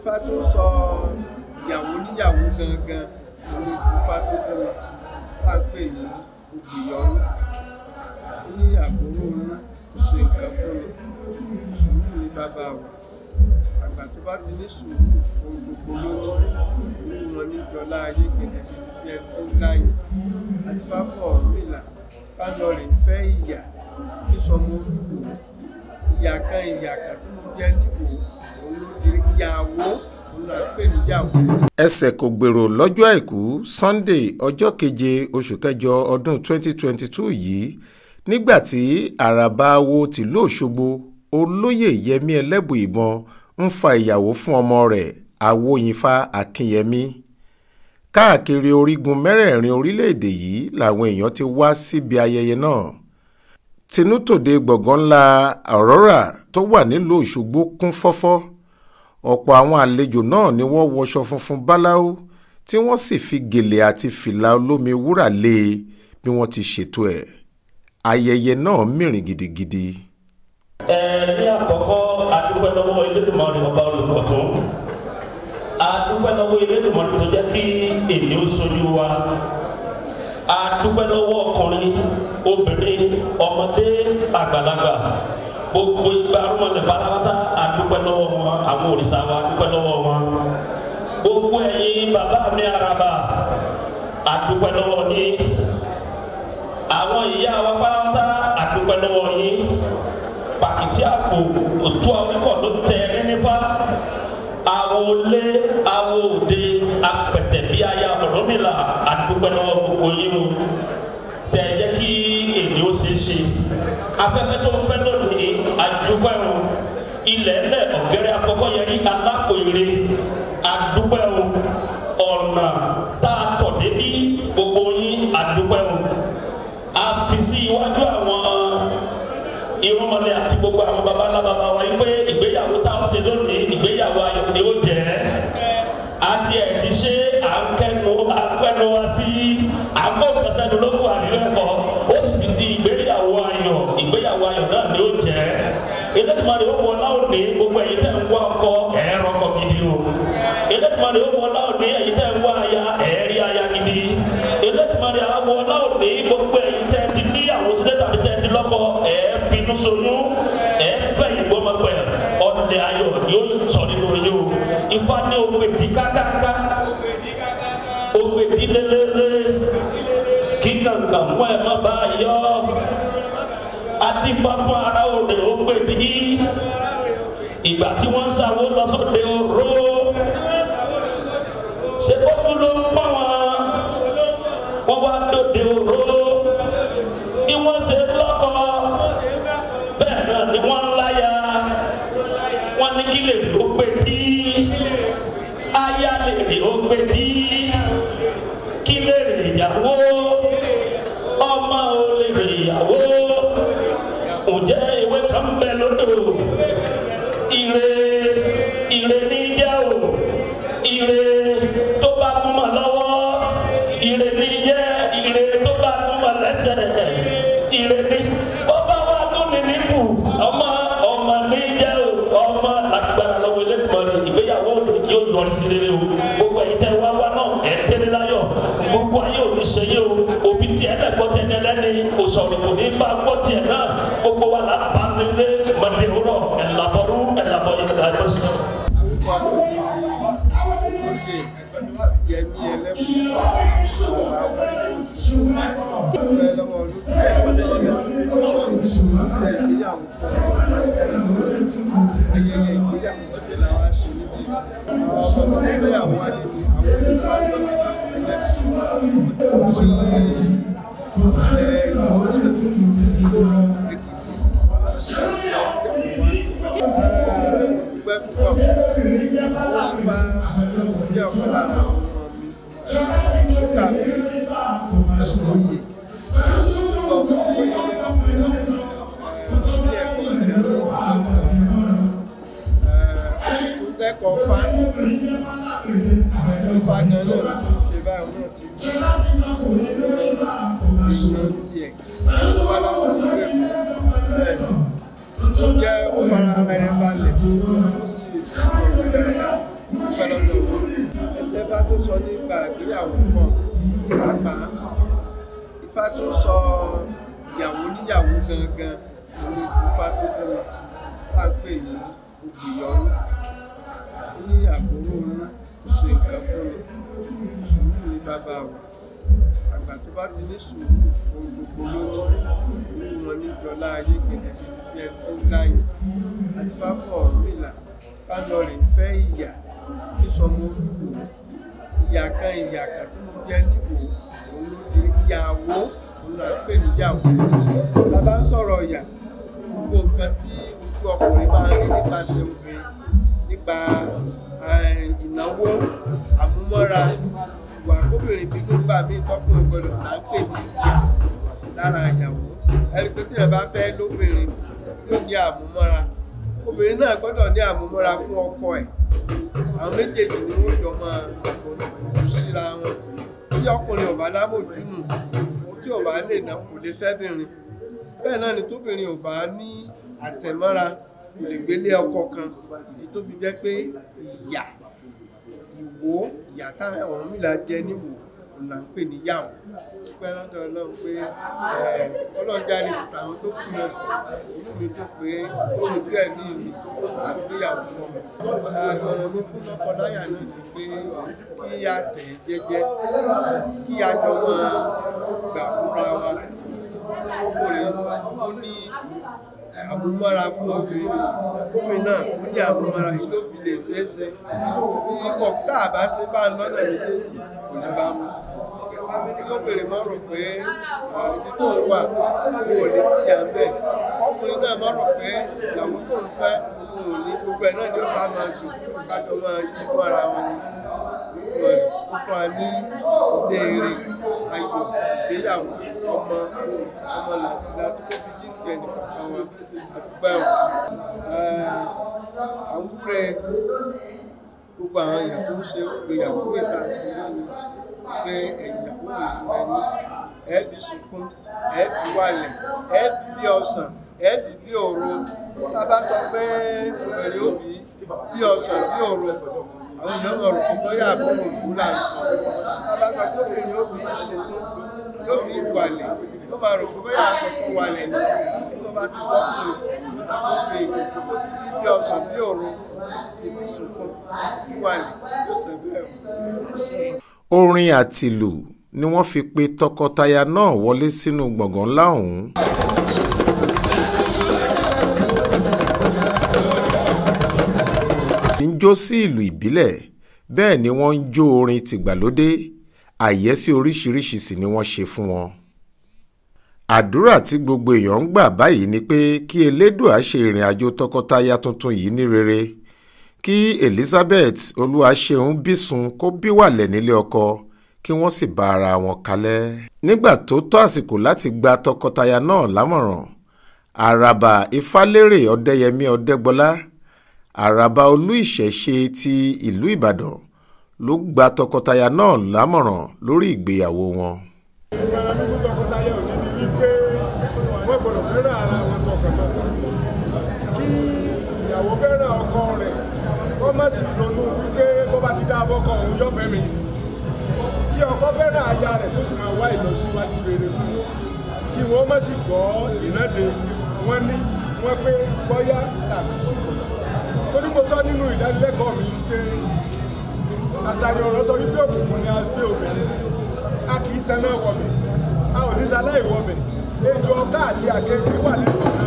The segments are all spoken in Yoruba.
Ifá tó sọ ìyàwó níyàwó gangan ní Ifá tó bímọ tá a pè ní Ògbìyọnú ní àbúrò ní kò ṣe nǹkan fún mi sùúrù ní bàbá wa àgbà tó bá ti ní sùúrù ohun gbogbo ló ní ní wọn ní jọlá ayé gẹ̀dẹ̀ jẹ́ tó láyé àtúbàbọ̀ ọ̀rúnmìlà bá lọ rè fẹ́ ìyà sísọmọ olúwo ìyà kan ìyà kan tí mo jẹ́ níwòó ẹsẹ̀ kò gbèrò lọ́jọ́ àìkú Sunday ọjọ́ keje oṣù kẹjọ ọdún 2022 yìí nígbà tí àràbà awo tìlú Òṣogbo olóyè Yẹmí Ẹlẹ́bùìbọn ń fa ìyàwó fún ọmọ rẹ̀ Awóyinfa Akínyẹmí káàkiri orígun mẹ́rẹ̀ẹ̀rin orílẹ̀-èdè yìí làwọn èèyàn ti wá síbi ayẹyẹ náà tinútòde gbọ̀ngàn ńlá Aurora tó wà nílùú Òṣogbo kún fọ́fọ́ ọ̀pọ̀ àwọn àlejò náà ni wọ́n wọṣọ funfun báláú tí wọ́n sì fi gèlè àti fìlà olómi wúrà lé e bí wọ́n ti ṣètò ẹ̀ ayẹyẹ náà mìrìn gidigidi. ẹ ní àkọ́kọ́ adúpẹ́ lọ́wọ́ Elédùmarè ọba olùkọ́tún adúpẹ́ lọ́wọ́ Elédùmarè tó jẹ́ kí èmi ó sojú wa adúpẹ́ ọkùnrin obìnrin ọmọdé àgbàlagbà gbogbo ìgbà arúgbọ̀nlẹ̀ pátápátá àdúpẹ́ lọ́wọ́ wọn àwọn òrìṣà wa àdúpẹ́ lọ́wọ́ wọn gbogbo ẹ̀yin bàbá mi araba àdúpẹ́ lọ́wọ́ yín àwọn ìyá wa pátápátá àdúpẹ́ lọ́wọ́ yín pàkìtì àpò òtú àwíkọ̀ ló tẹ ẹ nífà àwọn olé àwọn òde apẹ̀tẹ̀ bí aya ọ̀rọ̀ mi là gbogbo yín o tẹ̀ jẹ́ kí èmi ó ṣeé ṣe afẹ́fẹ́ tó fẹ́ lónìí àdúgbò o ilẹ̀ ẹlẹ̀ ọ̀gẹ́rẹ́ afọkọ́yẹrí alákòyèrè àdúgbò o ọ̀nà tá a tọ̀ débi gbogbo yín àdúgbò o a fi sí iwájú àwọn irúnmọlẹ̀ àti gbogbo àwọn babalábàbà wa yìí pé ìgbéyàwó tá a ṣe lónìí. lélẹ́rẹ́ kí kankan mọ́ ẹ má bá yọ adífáfá ara òde ó pè ní ìgbà tí wọ́n ń sáwó lọ sóde oró ṣe kó tún ló ń pọ̀ wọn wọ́n wá dòde oró bí wọ́n ṣe lọ́kọ bẹ́ẹ̀ náà ni wọ́n ń láya ní kí lè rí ó pè ní aya lè rí ó pè ní. kékeré láyọ̀ gbogbo ayé òní ṣẹyẹ o òbí tiẹ̀ náà gbọ́ tẹ́ni ẹlẹ́ni kò kò ní bá gbọ́ tiẹ̀ náà gbogbo wa là bá nílé mọ̀déwúrọ̀ ẹ̀làbọ̀rú ẹ̀làbọ̀ ìdàgbàsọ. Yẹmi ẹlẹ́mú ọ̀la ayẹyẹ ìgbéyàwó tó sọ lánàá tí wọn bá ti tó kà sọ yìí ọ̀fun tí ní ẹ̀kọ́ ìdáná ọ̀fun lẹ́kọ̀ọ́ fa ló fa gan náà tó ṣe báyìí náà ti ìṣòro tiẹ̀ wọn lápò bẹ́ẹ̀ tó jẹ́ ó fara ara ẹni balẹ̀ ó sì ṣe ìwé dáadáa. Gracias tó sọ nípa ìgbéyàwó pọ̀ pàápàá Ifá tó sọ ìyàwó níyàwó gangan ní Ifá tó bímọ tá a pè ní Ògbìyọnú ní àbúrò ọ̀nà tó ṣe nǹkan fún mi sùúrù ní bàbá wa àgbà tó bá ti ní sùúrù ohun gbogbo ló ní ní wọn ní jọlá ayé gbẹdẹgbẹ jẹ tó láyé àti bá fọ ọ̀rùn mìlà bá lọ rè fẹ́ ìyà sísọmọ olúwo ìyà kan ìyà kan tí mo jẹ níwò òun ló di ìyàwó òun là ń pè níyàwó tá a bá ń sọ̀rọ̀ ìyà gbogbo nǹkan tí ojú ọkùnrin máa ń rí nípasẹ̀ obìnrin nípa eh, ìnáwó àmúmọ́ra ìwà kóbìnrin bínú bá mi tọkùnrin gbọdọ̀ là ń pè ní ìyà lára ìyàwó ẹni pé tí ẹ bá fẹ́ lóbìnrin yóò ní àmúmọ́ra obìnrin náà gbọ́dọ̀ ní àmúmọ́ra fún ọkọ ẹ̀ àwọn méjèèjì ni wọ́n jọ máa jù síra wọn tí ọkùnrin ọba lámòjúnù tí ọba lè nà kò lè fẹ́bìnrin bẹ́ẹ̀ náà ni tóbìnrin ọba ní àtẹ̀mọ́ra kò lè gbélé ọkọ kan ìdí tó fi jẹ́ pé ìyà ìwò ìyà táwọn ọ̀run mìíràn jẹ níwò là ń pè níyàwó dúpẹ́ lọ́dọ̀ ọlọ́run pé ọlọ́run jáde síta àwọn tó kù náà inú mi dùn pé ó ẹ̀mí mi àgbéyàwó fún mi. àgbọ̀nà mi fún lọ́kọláyà náà ni pé kí a tẹ̀ jẹ́jẹ́ kí a jọ máa gbà fúnra wa ọkùnrin ó ní àmúmọ́ra fún obìnrin obìnrin náà ó ní àmúmọ́ra yìí ló fi lè ṣeéṣe tí kọ̀ọ̀tà àbá ṣe bá ń lọ́nà méjèèjì kò ní bá mú kí lóbìnrin má rò pé ibi tó ń wà òun ò ní kíyà ń bẹ̀ ọkùnrin náà má rò pé ìyàwó tó ń fẹ́ òun ò ní gbogbo ẹ̀ náà ni ó sá máa dùn kájọ máa yí mọ́ra wọn ni ó fún wa ní ilé eré ayọ̀ ìgbéyàwó ọmọ ọmọ làtìlá tó kó fi jíǹkì ẹnì kọ̀ọ̀kan wa àdúgbò ẹ̀wọ̀n àwọn gbogbo àwọn èèyàn tó ń ṣe ìgbéyàwó ìta sí lónìí pé ẹ̀yàwó ìlú ẹni ẹ̀ẹ́dì sunkún ẹ̀ẹ́dì wàlẹ̀ ẹ̀ẹ́dì bí ọ̀sán ẹ̀ẹ́dì bí òru tá a bá sọ pé obìnrin ó bí ọ̀sán bí òru àwọn èèyàn mọ̀ rò pé yà bọ̀ òkú là ń sọ tá a bá sọ pé obìnrin ó bí sunkún yóò bí wàlẹ̀ ó máa rò pé yà kọ̀ọ̀kan wàlẹ̀ ni tó bá ti bọ́kùnrin tó ti bọ́kùnrin tó ti bí bí ọ̀sán bí òru tèmi sunkún wíwalẹ̀ ló sọ bẹ́ẹ̀ o. orin àtìlù ni wọ́n fi pe tọkọtaya náà wọlé sínú gbọ̀ngàn ńlá ọ̀hún. ń jó sí ìlú ìbílẹ̀ bẹ́ẹ̀ ni wọ́n ń jó orin tìgbàlódé àyẹ́sí oríṣiríṣi sì ni wọ́n ṣe fún wọn. àdúrà tí gbogbo èèyàn ń gbà báyìí ni pé kí elédùà ṣe ìrìn àjò tọkọtaya tuntun yìí ní rere kí elizabeth olúwaṣeun bísùn kó bí wàlẹ̀ nílé ọkọ kí wọ́n sì bá ara wọn kalẹ̀. nígbà tó tó àsìkò láti gba tọkọtaya náà lámọ̀ràn àràbà ifálérè ọ̀dẹ́yẹmí ọ̀dẹ́gbọ́lá àràbà olú ìṣẹ̀ṣe ti ìlú ìbàdàn ló gba tọkọtaya náà lámọ̀ràn lórí ìgbéyàwó wọn. sì ronú wípé bó bá ti dá abọ́kọ òun yóò fẹ́ mi kí ọkọ fẹ́ràn aya rẹ̀ tó sì máa wá ìlọsíwájú rere fún kí wọ́n má sì gbọ́ ìrẹ́dẹ̀ wọ́n ní wọ́n pé bọ́yá tàbí ṣùgbọ́n torí mo sọ nínú ìdánilẹ́kọ̀ọ́ mi pé àṣàyàn ọ̀rọ̀ sọ wípé òkùnkùn ni a gbé obìnrin a kì í taná wọ̀bẹ̀ a ò ní sáláì wọ̀bẹ̀ ejò ọká àti àkekèé wà lẹ́nu ọ̀bẹ̀.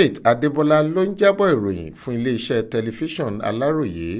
Faith Adébọlá ló ń jábọ̀ ìròyìn fún iléeṣẹ́ tẹlifíṣọ̀n Aláròyé.